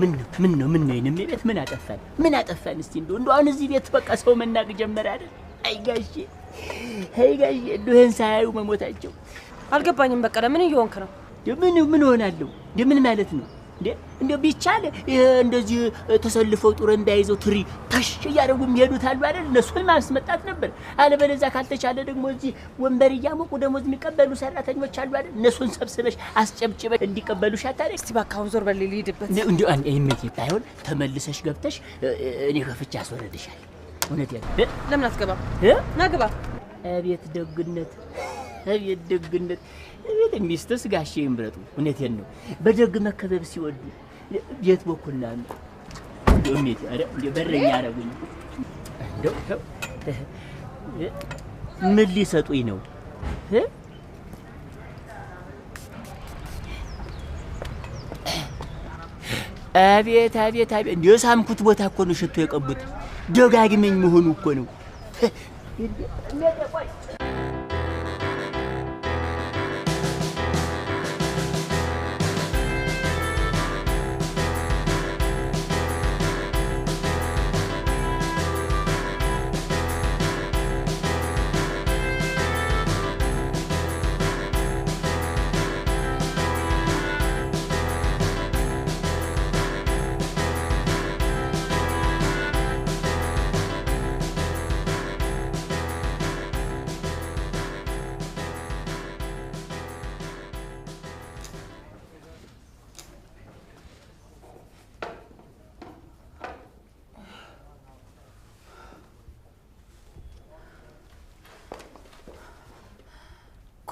ምን ነው ምን ነው ምን ነው የእኔም ቤት ምን አጠፋን? ምን አጠፋን? እስቲ እንደው እንደው አሁን እዚህ ቤት በቃ ሰው መናቅ ጀመረ አይደል? አይ ጋሼ አይ ጋሼ እንደው ይሄን ሳያዩ መሞታቸው አልገባኝም። በቀለ ምን እየሆንክ ነው? ምን ምን ሆናለሁ? እንደምን ማለት ነው እንዴ ቢቻል እንደዚህ ተሰልፈው ጡረ እንዳይዘው ትሪ ታሽ እያደረጉ የሚሄዱት አሉ አይደል? እነሱን ማስመጣት ነበር። አለበለዚያ ካልተቻለ ደግሞ እዚህ ወንበር እያሞቁ ደሞዝ የሚቀበሉ ሰራተኞች አሉ አይደል? እነሱን ሰብስበሽ አስጨብጭበሽ እንዲቀበሉ ሻታለ። እስቲ ባካሁን ዞር በል ልሂድበት። እንዲ ይመት ባይሆን ተመልሰሽ ገብተሽ እኔ ከፍቼ አስወረድሻለሁ። እውነት ለምን አትገባም? ናግባ አቤት ደግነት አቤት ደግነት፣ አቤት ሚስትስ ጋሼ ይምረጡ። እውነቴን ነው። በደግ መከበብ ሲወዱ ቤት በኩል ናኑ ሜቴ በረኛ አረጉኝ። እንደው ምን ሊሰጡኝ ነው? አቤት አቤት አቤት! እንደ ሳምኩት ቦታ እኮ ነው ሽቶ የቀቡት። ደጋግመኝ መሆኑ እኮ ነው።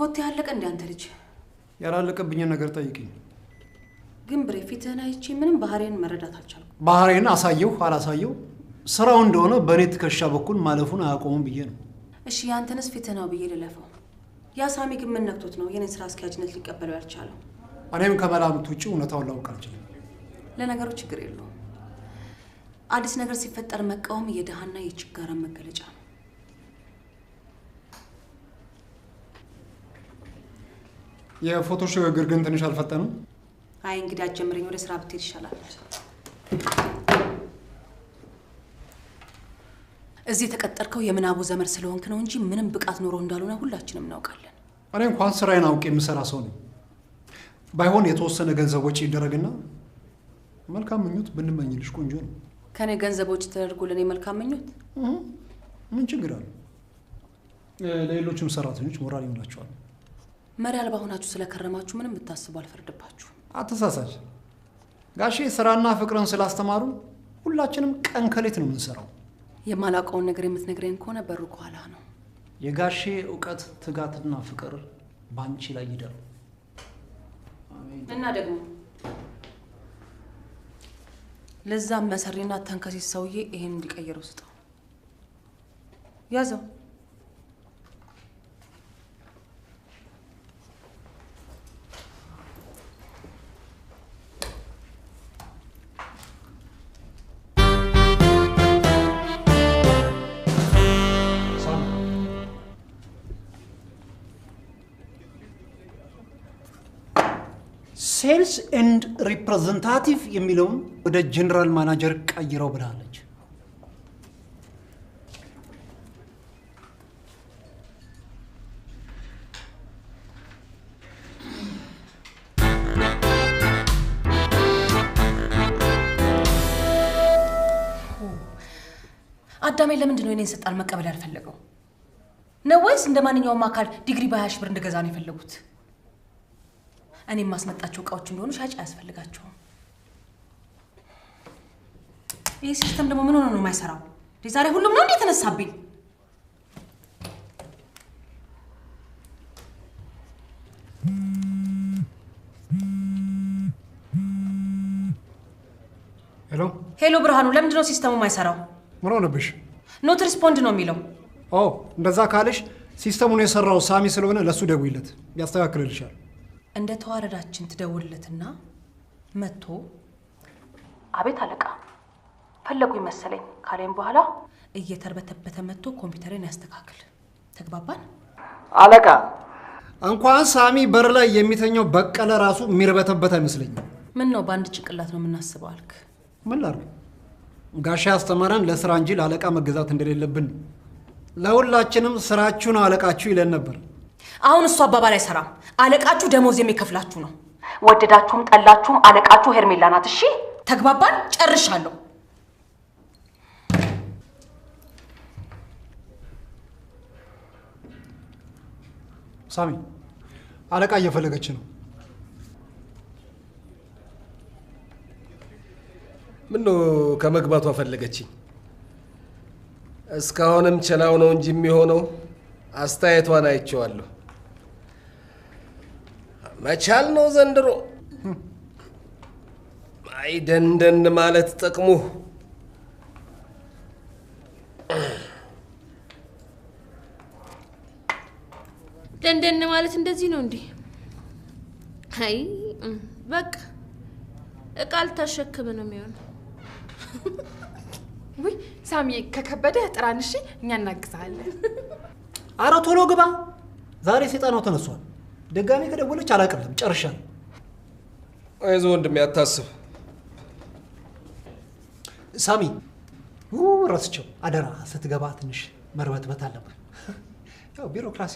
ኮቴ ያለቀ እንደ አንተ ልጅ ያላለቀብኝን ነገር ጠይቅኝ። ግን ብሬ ፊትህን አይቼ ምንም ባህሬን መረዳት አልቻልኩም። ባህሬን አሳየው አላሳየው ስራው እንደሆነ በእኔ ትከሻ በኩል ማለፉን አያቆሙም ብዬ ነው። እሺ ያንተንስ ፊትህ ነው ብዬ ልለፈው። ያ ሳሚ ግን ምን ነክቶት ነው የኔን ስራ አስኪያጅነት ሊቀበለው ያልቻለው? እኔም ከመላምት ውጭ እውነታውን ላውቅ አልችልም። ለነገሩ ችግር የለውም። አዲስ ነገር ሲፈጠር መቃወም የድሃና የችጋራ መገለጫ ነው። የፎቶ ሽግግር ግን ትንሽ አልፈጠንም። አይ እንግዲህ አጀምረኝ፣ ወደ ስራ ብትሄድ ይሻላል። እዚህ የተቀጠርከው የምናቡ ዘመድ ስለሆንክ ነው እንጂ ምንም ብቃት ኖሮ እንዳልሆነ ሁላችንም እናውቃለን። እኔ እንኳን ስራዬን አውቄ የምሰራ ሰው ነኝ። ባይሆን የተወሰነ ገንዘብ ወጪ ይደረግና መልካም ምኞት ብንመኝልሽ ቆንጆ ነው። ከኔ ገንዘብ ወጪ ተደርጎ ለእኔ መልካም ምኞት ምን ችግር አለ? ለሌሎችም ሰራተኞች ሞራል ይሆናቸዋል። መሪ አልባ ሆናችሁ ስለከረማችሁ ምንም ብታስቡ አልፈርድባችሁ። አተሳሳች ጋሼ ስራና ፍቅርን ስላስተማሩ ሁላችንም ቀን ከሌት ነው የምንሰራው። የማላውቀውን ነገር የምትነግረኝ ከሆነ በሩ ከኋላ ነው። የጋሼ እውቀት ትጋትና ፍቅር በአንቺ ላይ ይደሩ እና ደግሞ ለዛም መሰሪና ተንከሴት ሰውዬ ይሄን እንዲቀይረው ስጠው፣ ያዘው። ሴልስ ኤንድ ሪፕሬዘንታቲቭ የሚለውን ወደ ጀነራል ማናጀር ቀይረው ብላለች። አዳሜ ለምንድን ነው የኔን ስልጣን መቀበል ያልፈለገው? ነው ወይስ እንደ ማንኛውም አካል ዲግሪ በሀያ ሺህ ብር እንደገዛ ነው የፈለጉት? እኔ የማስመጣቸው እቃዎች እንደሆኑ ሻጭ አያስፈልጋቸውም። ይህ ሲስተም ደግሞ ምን ሆነ ነው የማይሰራው? ዛሬ ሁሉም ነው እንዴ የተነሳብኝ? ሄሎ ሄሎ፣ ብርሃኑ ለምንድን ነው ሲስተሙ የማይሰራው? ምን ሆነብሽ? ኖት ሪስፖንድ ነው የሚለው። ኦ እንደዛ ካለሽ ሲስተሙን የሰራው ሳሚ ስለሆነ ለእሱ ደውይለት፣ ያስተካክልልሻል። እንደ ተዋረዳችን ትደውልለትና መጥቶ አቤት አለቃ ፈለጉ ይመሰለኝ ካለኝ በኋላ እየተርበተበተ መጥቶ ኮምፒውተርን ያስተካክል። ተግባባን አለቃ? እንኳን ሳሚ በር ላይ የሚተኘው በቀለ ራሱ የሚርበተበት አይመስለኝም። ምን ነው በአንድ ጭንቅላት ነው የምናስበው አልክ? ምን ላድርግ ጋሻ አስተማረን ለስራ እንጂ ለአለቃ መገዛት እንደሌለብን። ለሁላችንም ስራችሁን አለቃችሁ ይለን ነበር። አሁን እሱ አባባል አይሰራም። አለቃችሁ ደሞዝ የሚከፍላችሁ ነው። ወደዳችሁም ጠላችሁም አለቃችሁ ሄርሜላ ናት። እሺ ተግባባን? ጨርሻለሁ። ሳሚ፣ አለቃ እየፈለገች ነው። ነው ከመግባቷ ፈለገችኝ? እስካሁንም ችላው ነው እንጂ የሚሆነው አስተያየቷን አይቼዋለሁ። መቻል ነው ዘንድሮ። አይ ደንደን ማለት ጥቅሙ ደንደን ማለት እንደዚህ ነው እንዴ? አይ በቃ እቃ አልታሸክም ነው የሚሆነው። ውይ ሳሚ፣ ከከበደ ጥራንሽ እኛ እናግዛለን። አረ ቶሎ ግባ፣ ዛሬ ሴጣናው ተነሷል። ደጋሚ ከደወለች አላቅልም። ጨርሻ አይዞ ወንድም ያታስብ አታስብ። ሳሚ ረስቸው አደራ። ስትገባ ትንሽ መርበትበት አለብን። ያው ቢሮክራሲ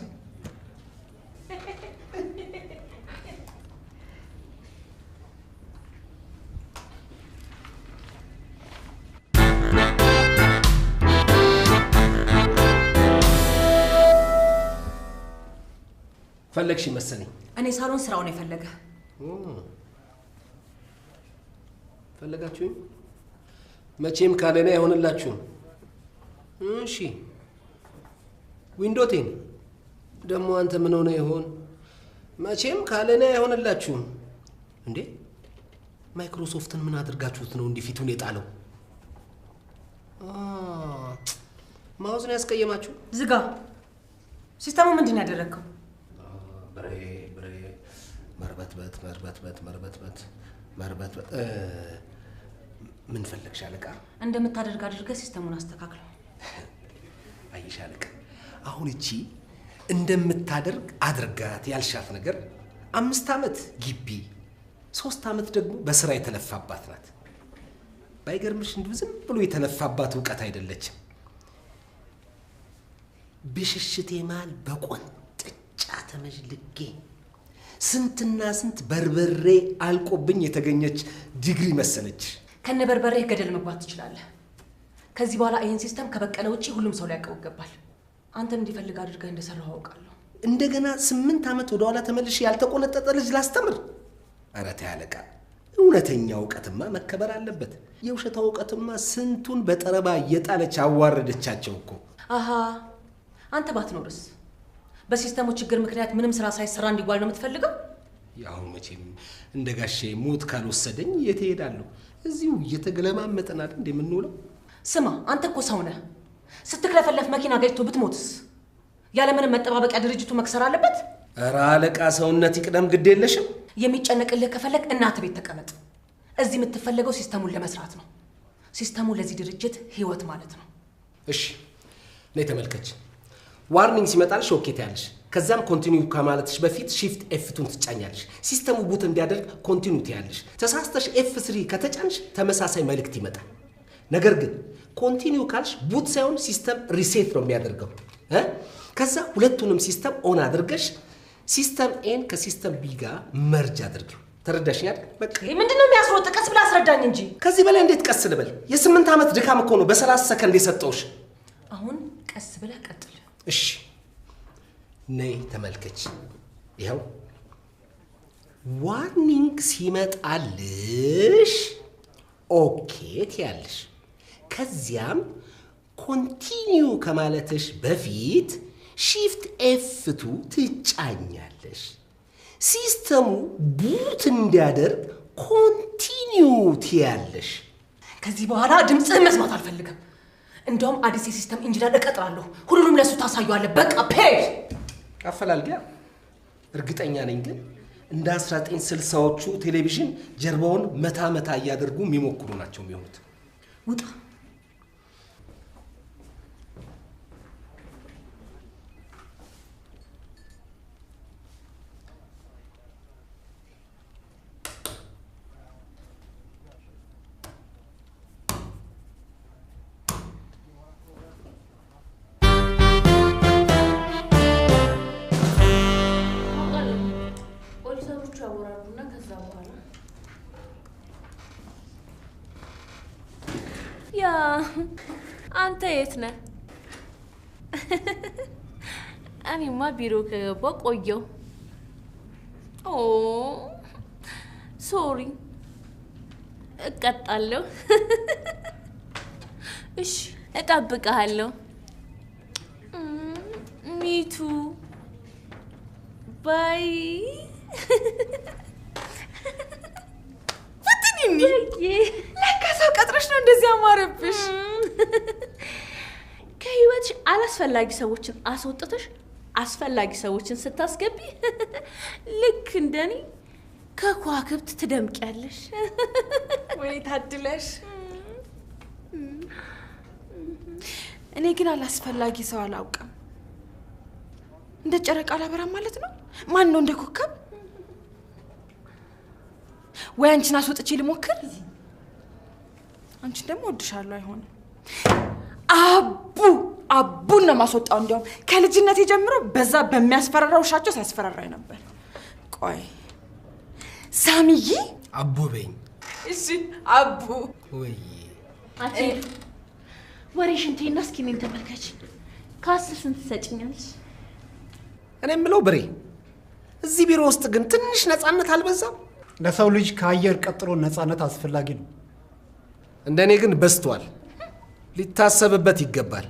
ፈለግሽ መሰለኝ። እኔ ሳሎን ስራውን የፈለገ ፈለጋችሁኝ? መቼም ካለ እኔ አይሆንላችሁም። እሺ ዊንዶቴን ደግሞ አንተ ምን ሆነ ይሆን? መቼም ካለ እኔ አይሆንላችሁም። እንዴ ማይክሮሶፍትን ምን አድርጋችሁት ነው እንዲህ ፊቱን የጣለው? ማውዝን ያስቀየማችሁ? ዝጋ። ሲስተሙ ምንድን ያደረግከው? መርበትበት መርበትበት መርበትበት መርበትበት። ምን ፈለግሽ ሻለቃ? እንደምታደርግ አድርገ ሲስተሙን አስተካክለው። አይ ሻለቃ፣ አሁን እቺ እንደምታደርግ አድርጋት ያልሻት ነገር አምስት ዓመት ግቢ ሶስት ዓመት ደግሞ በስራ የተለፋባት ናት። ባይገርምሽ እንዲሁ ዝም ብሎ የተለፋባት እውቀት አይደለችም። ብሽሽቴ መሃል በቆንጥጫ ተመዥልጌ ስንትና ስንት በርበሬ አልቆብኝ የተገኘች ዲግሪ መሰለች። ከነ በርበሬ ገደል መግባት ትችላለህ። ከዚህ በኋላ ይህን ሲስተም ከበቀለ ውጭ ሁሉም ሰው ሊያውቀው ይገባል። አንተም እንዲፈልግ አድርገህ እንደሰራው አውቃለሁ። እንደገና ስምንት ዓመት ወደኋላ ተመልሼ ያልተቆነጠጠ ልጅ ላስተምር? ኧረ ተይ አለቃ፣ እውነተኛ እውቀትማ መከበር አለበት። የውሸታ እውቀትማ ስንቱን በጠረባ እየጣለች አዋረደቻቸው እኮ። አሃ አንተ ባትኖርስ? በሲስተሙ ችግር ምክንያት ምንም ስራ ሳይሰራ እንዲጓል ነው የምትፈልገው? ያው መቼም እንደ ጋሼ ሞት ካልወሰደኝ የት እሄዳለሁ? እዚሁ እየተገለማመጥን አይደል የምንውለው። ስማ አንተ እኮ ሰው ነህ። ስትክለፈለፍ መኪና ገጭቶ ብትሞትስ? ያለምንም መጠባበቂያ ድርጅቱ መክሰር አለበት? ኧረ አለቃ ሰውነት ይቅደም፣ ግድ የለሽም። የሚጨነቅልህ ከፈለግ እናት ቤት ተቀመጥ። እዚህ የምትፈለገው ሲስተሙን ለመስራት ነው። ሲስተሙ ለዚህ ድርጅት ህይወት ማለት ነው። እሺ ነይ ተመልከች። ዋርኒንግ ሲመጣልሽ ኦኬ ትያለሽ። ከዛም ኮንቲኒው ከማለትሽ በፊት ሺፍት ኤፍቱን ትጫኛለሽ። ሲስተሙ ቡት እንዲያደርግ ኮንቲኒ ትያለሽ። ተሳስተሽ ኤፍ ስሪ ከተጫንሽ ተመሳሳይ መልእክት ይመጣል። ነገር ግን ኮንቲኒው ካልሽ ቡት ሳይሆን ሲስተም ሪሴት ነው የሚያደርገው። ከዛ ሁለቱንም ሲስተም ኦን አድርገሽ ሲስተም ኤን ከሲስተም ቢ ጋር መርጅ አድርጊው። ተረዳሽኛል? ምንድን ነው የሚያስሮጥ? ቀስ ብላ አስረዳኝ እንጂ። ከዚህ በላይ እንዴት ቀስ ልበል? የስምንት ዓመት ድካም እኮ ነው በሰላሳ ሰከንድ የሰጠውሽ። አሁን ቀስ ብላ ቀጥል። እሺ ነይ ተመልከች። ይኸው ዋርኒንግ ሲመጣልሽ ኦኬ ትያለሽ። ከዚያም ኮንቲኒዩ ከማለትሽ በፊት ሺፍት ኤፍቱ ትጫኛለሽ። ሲስተሙ ቡት እንዲያደርግ ኮንቲኒዩ ትያለሽ። ከዚህ በኋላ ድምፅህን መስማት አልፈልግም። እንደውም አዲስ የሲስተም ኢንጂነር እቀጥራለሁ። ሁሉንም ለእሱ ታሳየዋለህ። በቃ ፔድ አፈላልጊያ። እርግጠኛ ነኝ ግን እንደ 1960ዎቹ ቴሌቪዥን ጀርባውን መታ መታ እያደርጉ የሚሞክሩ ናቸው የሚሆኑት። ውጣ አንተ የት ነህ? እኔማ ቢሮ ከገባ ቆየው። ኦ ሶሪ፣ እቀጣለሁ። እሺ፣ እጠብቅሃለሁ። ሚቱ ባይ ለካ ሰው ቀጥረሽ ነው እንደዚህ አማረብሽ። አላስፈላጊ ሰዎችን አስወጥተሽ አስፈላጊ ሰዎችን ስታስገቢ ልክ እንደኔ ከኳክብት ትደምቂያለሽ። ወይ ታድለሽ። እኔ ግን አላስፈላጊ ሰው አላውቅም። እንደ ጨረቃ አላበራም ማለት ነው። ማን ነው እንደ ኮከብ? ወይ አንቺን አስወጥቼ ልሞክር። አንቺን ደግሞ ወድሻለሁ። አይሆንም አቡ አቡን ነው ማስወጣው። እንዲያውም ከልጅነት ጀምሮ በዛ በሚያስፈራራ ውሻቸው ሲያስፈራራኝ ነበር። ቆይ ሳሚዬ አቡ በኝ። እሺ አቡ። ወይ ወሬሽን ተይና እስኪ እኔን ተመልከች። ከአስር ስንት ትሰጭኛለሽ? እኔ የምለው ብሬ፣ እዚህ ቢሮ ውስጥ ግን ትንሽ ነፃነት አልበዛም? ለሰው ልጅ ከአየር ቀጥሎ ነፃነት አስፈላጊ ነው። እንደኔ ግን በዝቷል፣ ሊታሰብበት ይገባል።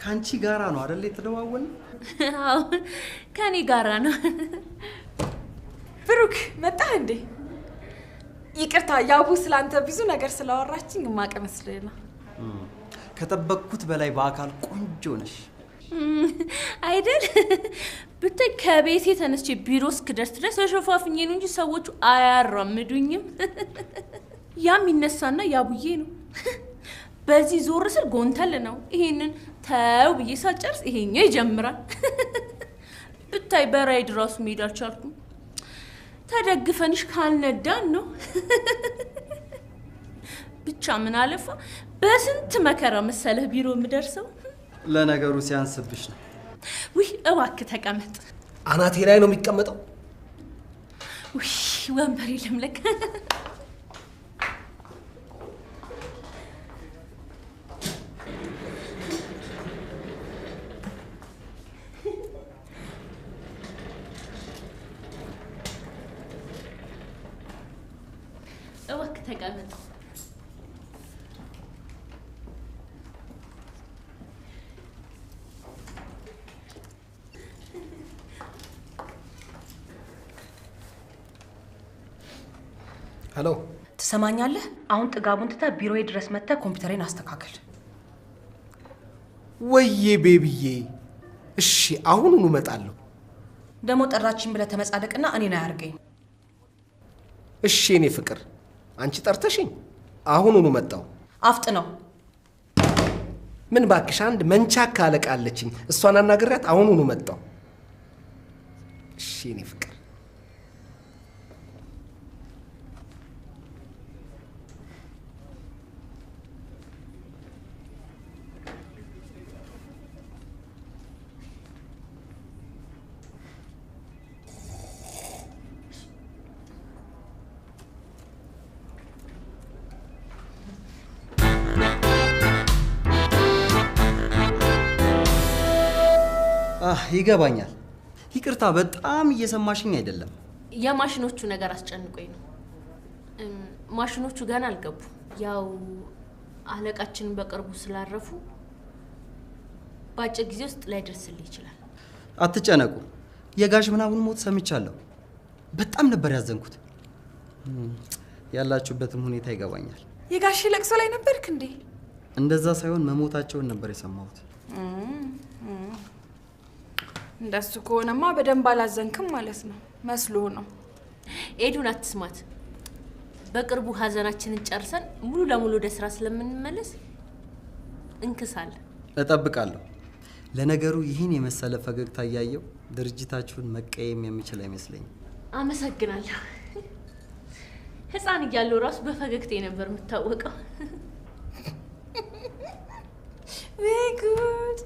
ከአንቺ ጋራ ነው አይደል የተደዋወል? አዎ ከኔ ጋራ ነው። ብሩክ መጣህ እንዴ? ይቅርታ ያቡ ስለአንተ ብዙ ነገር ስላወራችኝ ማቀ መስሎኝ ነው። ከጠበቅኩት በላይ በአካል ቆንጆ ነሽ አይደል? ብታይ ከቤቴ ተነስቼ ቢሮ እስክደርስ ድረስ ተሸፋፍኜ ነው እንጂ ሰዎቹ አያራምዱኝም። ያ ይነሳና ያቡዬ ነው። በዚህ ዞር ስል ጎንተል ነው። ይሄንን ተው ብዬ ሳጨርስ ይሄኛው ይጀምራል። ብታይ በራይድ ራሱ መሄድ አልቻልኩም። ተደግፈንሽ ካልነዳን ነው። ብቻ ምን አለፋ በስንት መከራ መሰለህ ቢሮ የምደርሰው። ለነገሩ ሲያንስብሽ ነው። ውይ እባክህ ተቀመጥ። አናቴ ላይ ነው የሚቀመጠው። ውይ የለም ልምለክ redundant. ሄሎ ትሰማኛለህ? አሁን ጥጋቡን ትተህ ቢሮዬ ድረስ መጥተህ ኮምፒውተሬን አስተካክል። ወይዬ ቤብዬ እሺ አሁኑኑ እመጣለሁ። ደግሞ ጠራችኝ ብለህ ተመጻደቅና እኔን አያርገኝ። እሺ እኔ ፍቅር አንቺ ጠርተሽኝ አሁኑኑ መጣው። አፍጥ ነው ምን ባክሽ፣ አንድ መንቻካ አለቃለችኝ፣ እሷን አናግሪያት አሁኑኑ መጣው። እሺ ኔ ፍቅር ይገባኛል። ይቅርታ በጣም እየሰማሽኝ አይደለም። የማሽኖቹ ነገር አስጨንቆኝ ነው። ማሽኖቹ ገና አልገቡ። ያው አለቃችንን በቅርቡ ስላረፉ በአጭር ጊዜ ውስጥ ላይደርስልህ ይችላል። አትጨነቁ። የጋሽ ምናቡን ሞት ሰምቻለሁ። በጣም ነበር ያዘንኩት። ያላችሁበትም ሁኔታ ይገባኛል። የጋሽ ለቅሶ ላይ ነበርክ እንዴ? እንደዛ ሳይሆን መሞታቸውን ነበር የሰማሁት። እንደሱ ከሆነማ በደንብ አላዘንክም ማለት ነው። መስሎ ነው። ኤዱን አትስማት። በቅርቡ ሀዘናችንን ጨርሰን ሙሉ ለሙሉ ወደ ስራ ስለምንመለስ እንክሳለ እጠብቃለሁ። ለነገሩ ይህን የመሰለ ፈገግታ እያየው ድርጅታችሁን መቀየም የሚችል አይመስለኝም። አመሰግናለሁ። ህፃን እያለው ራሱ በፈገግታ ነበር የምታወቀው። ጉድ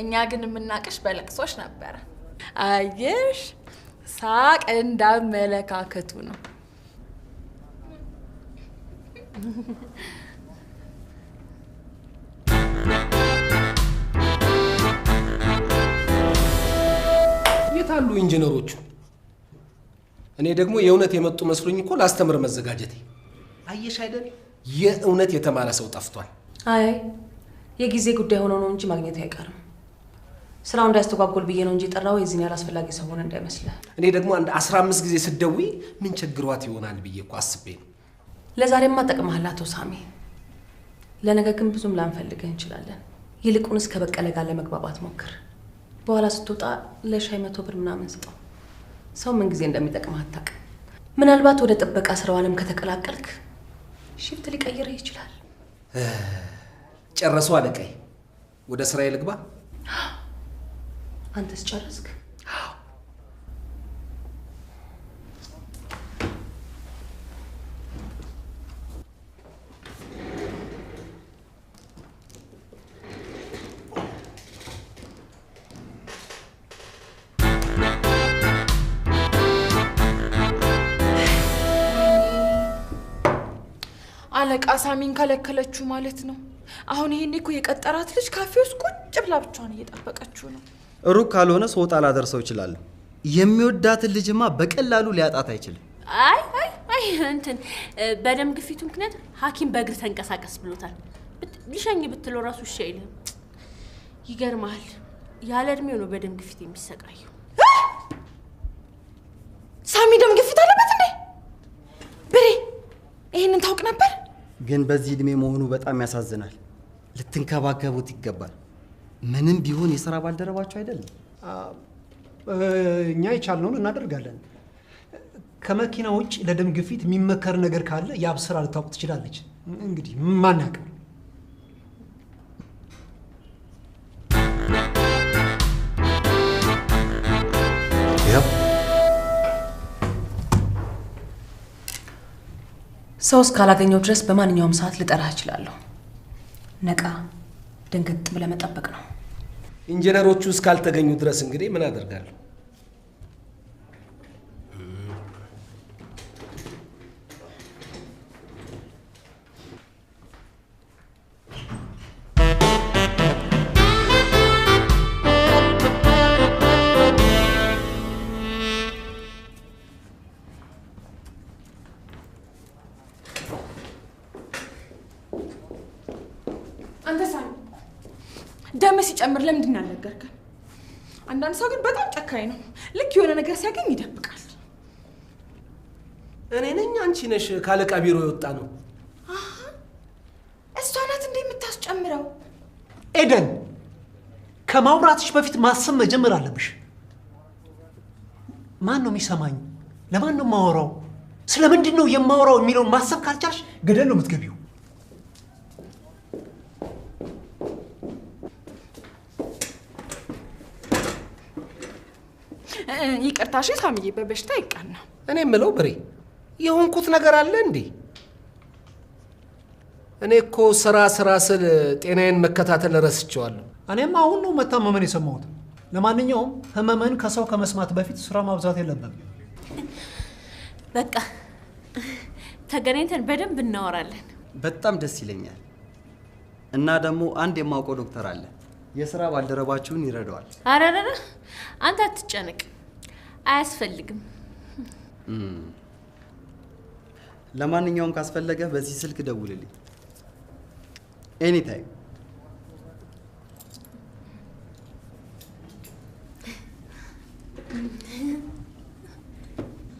እኛ ግን የምናቅሽ በለቅሶች ነበረ። አየሽ፣ ሳቅ እንዳመለካከቱ ነው። የት አሉ ኢንጂነሮቹ? እኔ ደግሞ የእውነት የመጡ መስሎኝ እኮ ላስተምር መዘጋጀቴ። አየሽ አይደል የእውነት የተማረ ሰው ጠፍቷል። አይ የጊዜ ጉዳይ ሆኖ ነው እንጂ ማግኘት አይቀርም። ስራው እንዳያስተጓጎል ብዬ ነው እንጂ ጠራው የዚህን ያህል አስፈላጊ ሰው ሆነ እንዳይመስልህ። እኔ ደግሞ አንድ አስራ አምስት ጊዜ ስደዊ ምን ችግሯት ይሆናል ብዬ እኮ አስቤ ነው። ለዛሬማ ጠቅመሃል አቶ ሳሚ። ለነገ ግን ብዙም ላንፈልግህ እንችላለን። ይልቁንስ ከበቀለ ጋር ለመግባባት ሞክር። በኋላ ስትወጣ ለሻይ መቶ ብር ምናምን ስጠው። ሰው ምን ጊዜ እንደሚጠቅምህ አታውቅም። ምናልባት ወደ ጥበቃ ስራው አለም ከተቀላቀልክ ሽፍት ሊቀይርህ ይችላል። ጨረሱ አለቀይ፣ ወደ ስራዬ ልግባ። አንተስ ጨረስክ? አለቃ ሳሚን ከለከለችው ማለት ነው። አሁን ይሄኔ እኮ የቀጠራት ልጅ ካፌ ውስጥ ቁጭ ብላ ብቻዋን እየጠበቀችው ነው። ሩቅ ካልሆነ ስወጣ ላደርሰው ይችላል። የሚወዳትን ልጅማ በቀላሉ ሊያጣት አይችልም። አይ አይ አይ እንትን በደም ግፊቱ ምክንያት ሐኪም በእግር ተንቀሳቀስ ብሎታል። ሊሸኝ ብትለው ራሱ እሺ አይልም። ይገርማል። ያለ እድሜው ነው በደም ግፊት የሚሰቃየው። ሳሚ ደም ግፊት አለበት እንዴ? ብሬ ይህንን ታውቅ ነበር? ግን በዚህ እድሜ መሆኑ በጣም ያሳዝናል። ልትንከባከቡት ይገባል። ምንም ቢሆን የስራ ባልደረባቸው አይደለም። እኛ የቻልነውን እናደርጋለን። ከመኪና ውጭ ለደም ግፊት የሚመከር ነገር ካለ የአብስራ ልታውቅ ትችላለች። እንግዲህ ማን ያውቃል? ሰው እስካላገኘው ድረስ በማንኛውም ሰዓት ልጠራህ እችላለሁ። ነቃ ድንግጥ ብለህ መጠበቅ ነው። ኢንጂነሮቹ እስካልተገኙ ድረስ እንግዲህ ምን አደርጋለሁ? ሰው ግን በጣም ጨካኝ ነው። ልክ የሆነ ነገር ሲያገኝ ይደብቃል። እኔ ነኝ አንቺ ነሽ ካለቃ ቢሮ የወጣ ነው። እሷ ናት እንደ የምታስጨምረው። ኤደን ከማውራትሽ በፊት ማሰብ መጀመር አለብሽ። ማን ነው የሚሰማኝ? ለማን ነው የማወራው? ስለምንድን ነው የማወራው የሚለውን ማሰብ ካልቻልሽ ገደል ነው የምትገቢው። ይቅርታ እሺ ሳምዬ፣ በበሽታ ይቀና። እኔ የምለው ብሬ፣ የሆንኩት ነገር አለ እንዴ? እኔ እኮ ስራ ስራ ስል ጤናዬን መከታተል ረስቸዋለሁ። እኔም አሁን ነው መታመመን የሰማሁት። ለማንኛውም ህመመን ከሰው ከመስማት በፊት ስራ ማብዛት የለበትም። በቃ ተገናኝተን በደንብ እናወራለን። በጣም ደስ ይለኛል። እና ደግሞ አንድ የማውቀው ዶክተር አለ፣ የስራ ባልደረባችሁን ይረዳዋል። አረረረ አንተ አትጨነቅ። አያስፈልግም። ለማንኛውም ካስፈለገ በዚህ ስልክ ደውልልኝ ኤኒታይም።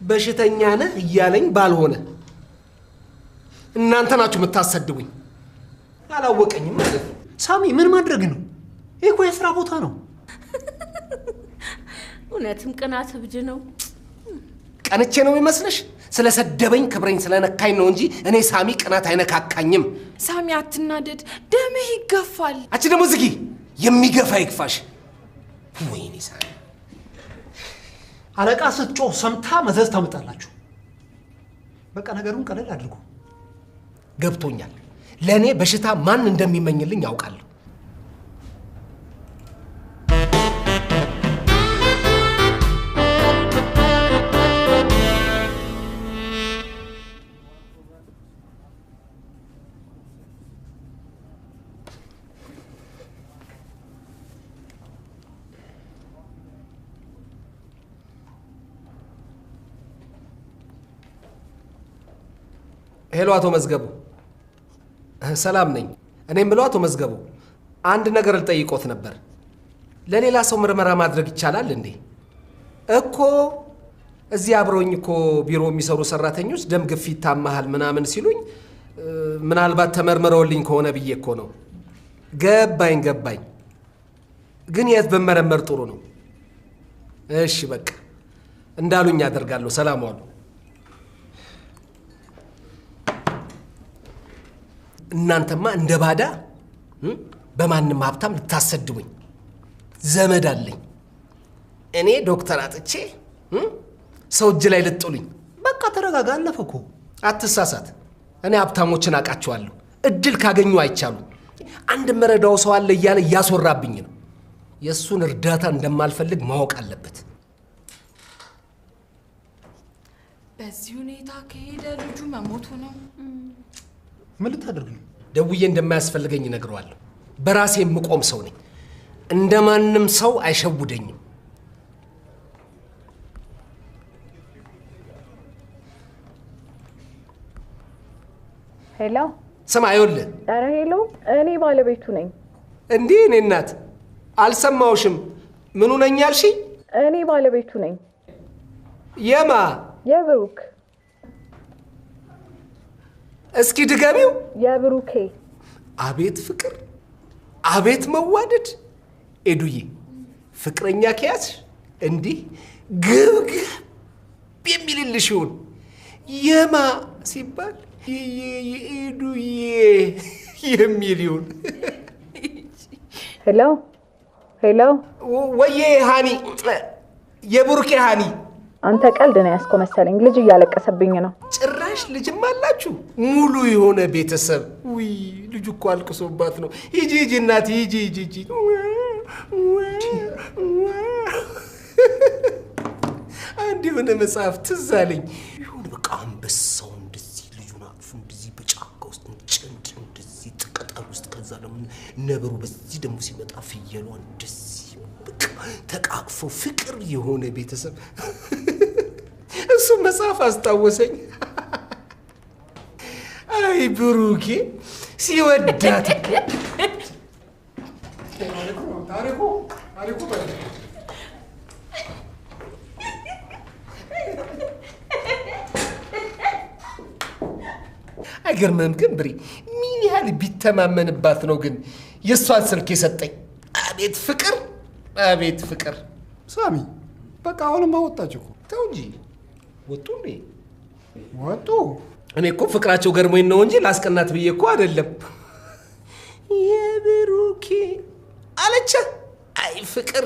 በሽተኛ ነህ እያለኝ ባልሆነ እናንተ ናችሁ የምታሰድቡኝ። አላወቀኝም ማለት ነው። ሳሚ ምን ማድረግ ነው? ይህ እኮ የስራ ቦታ ነው። እውነትም ቅናት እብድ ነው። ቀንቼ ነው የሚመስልሽ? ስለሰደበኝ ክብረኝ ስለነካኝ ነው እንጂ እኔ ሳሚ ቅናት አይነካካኝም። ሳሚ አትናደድ፣ ደምህ ይገፋል። አንቺ ደግሞ ዝጊ፣ የሚገፋ ይግፋሽ። ወይኔ ሳሚ አለቃ ስትጮህ ሰምታ መዘዝ ታመጣላችሁ። በቃ ነገሩን ቀለል አድርጉ። ገብቶኛል። ለእኔ በሽታ ማን እንደሚመኝልኝ ያውቃል። ሄሎ አቶ መዝገቡ፣ ሰላም ነኝ። እኔም ብለው አቶ መዝገቡ፣ አንድ ነገር ልጠይቆት ነበር። ለሌላ ሰው ምርመራ ማድረግ ይቻላል እንዴ? እኮ እዚህ አብረውኝ እኮ ቢሮ የሚሰሩ ሰራተኞች ደም ግፊት ታመሃል ምናምን ሲሉኝ ምናልባት ተመርምረውልኝ ከሆነ ብዬ እኮ ነው። ገባኝ ገባኝ። ግን የት ብመረመር ጥሩ ነው? እሺ በቃ እንዳሉኝ አደርጋለሁ። ሰላም ዋሉ። እናንተማ እንደ ባዳ በማንም ሀብታም ልታሰድቡኝ። ዘመድ አለኝ እኔ ዶክተር አጥቼ ሰው እጅ ላይ ልጥሉኝ። በቃ ተረጋጋ፣ አለፈ እኮ አትሳሳት። እኔ ሀብታሞችን አውቃቸዋለሁ። እድል ካገኙ አይቻሉ አንድ መረዳው ሰው አለ እያለ እያስወራብኝ ነው። የእሱን እርዳታ እንደማልፈልግ ማወቅ አለበት። በዚህ ሁኔታ ከሄደ ልጁ መሞቱ ነው። ምን ልታደርግ ነው? ደውዬ እንደማያስፈልገኝ እነግረዋለሁ። በራሴ የምቆም ሰው ነኝ። እንደ ማንም ሰው አይሸውደኝም። ሄሎ፣ ስማ፣ ይኸውልህ። ኧረ ሄሎ፣ እኔ ባለቤቱ ነኝ። እንዲህ እኔ እናት አልሰማውሽም። ምኑ ነኝ ያልሺ? እኔ ባለቤቱ ነኝ። የማ? የብሩክ እስኪ ድገሚው። የብሩኬ አቤት ፍቅር፣ አቤት መዋደድ። ኤዱዬ ፍቅረኛ ከያዝሽ እንዲህ ግብግብ የሚልልሽ ይሁን። የማ ሲባል የኤዱዬ የሚል ይሁን። ሄሎ ሄሎ፣ ወዬ ሃኒ፣ የብሩኬ ሃኒ። አንተ ቀልድ ነው ያስኮ መሰለኝ። ልጅ እያለቀሰብኝ ነው ጭራ ታናሽ ልጅም አላችሁ? ሙሉ የሆነ ቤተሰብ። ውይ ልጁ እኮ አልቅሶባት ነው። ሂጂ ሂጂ፣ እናት ሂጂ ሂጂ ሂጂ። አንድ የሆነ መጽሐፍ ትዝ አለኝ። ይሁን በቃ አንበሳው እንደዚህ ልጁን አቅፎ እንደዚህ በጫካ ውስጥ ጭንጭ እንደዚህ ቅጠል ውስጥ፣ ከዛ ደግሞ ነብሩ በዚህ ደግሞ ሲመጣ ፍየሏ እንደዚህ ተቃቅፎ ፍቅር የሆነ ቤተሰብ። እሱ መጽሐፍ አስታወሰኝ። ብሩኬ ሲወዳት አይገርምም ግን ብሬ ምን ያህል ቢተማመንባት ነው ግን የእሷን ስልክ የሰጠኝ? አቤት ፍቅር፣ አቤት ፍቅር። ሳሚ በቃ አሁንም አወጣች እኮ። ተው እንጂ ወጡ እንዴ ወጡ። እኔ እኮ ፍቅራቸው ገርሞኝ ነው እንጂ ላስቀናት ብዬ እኮ አይደለም። የብሩኬ አለቻ። አይ ፍቅር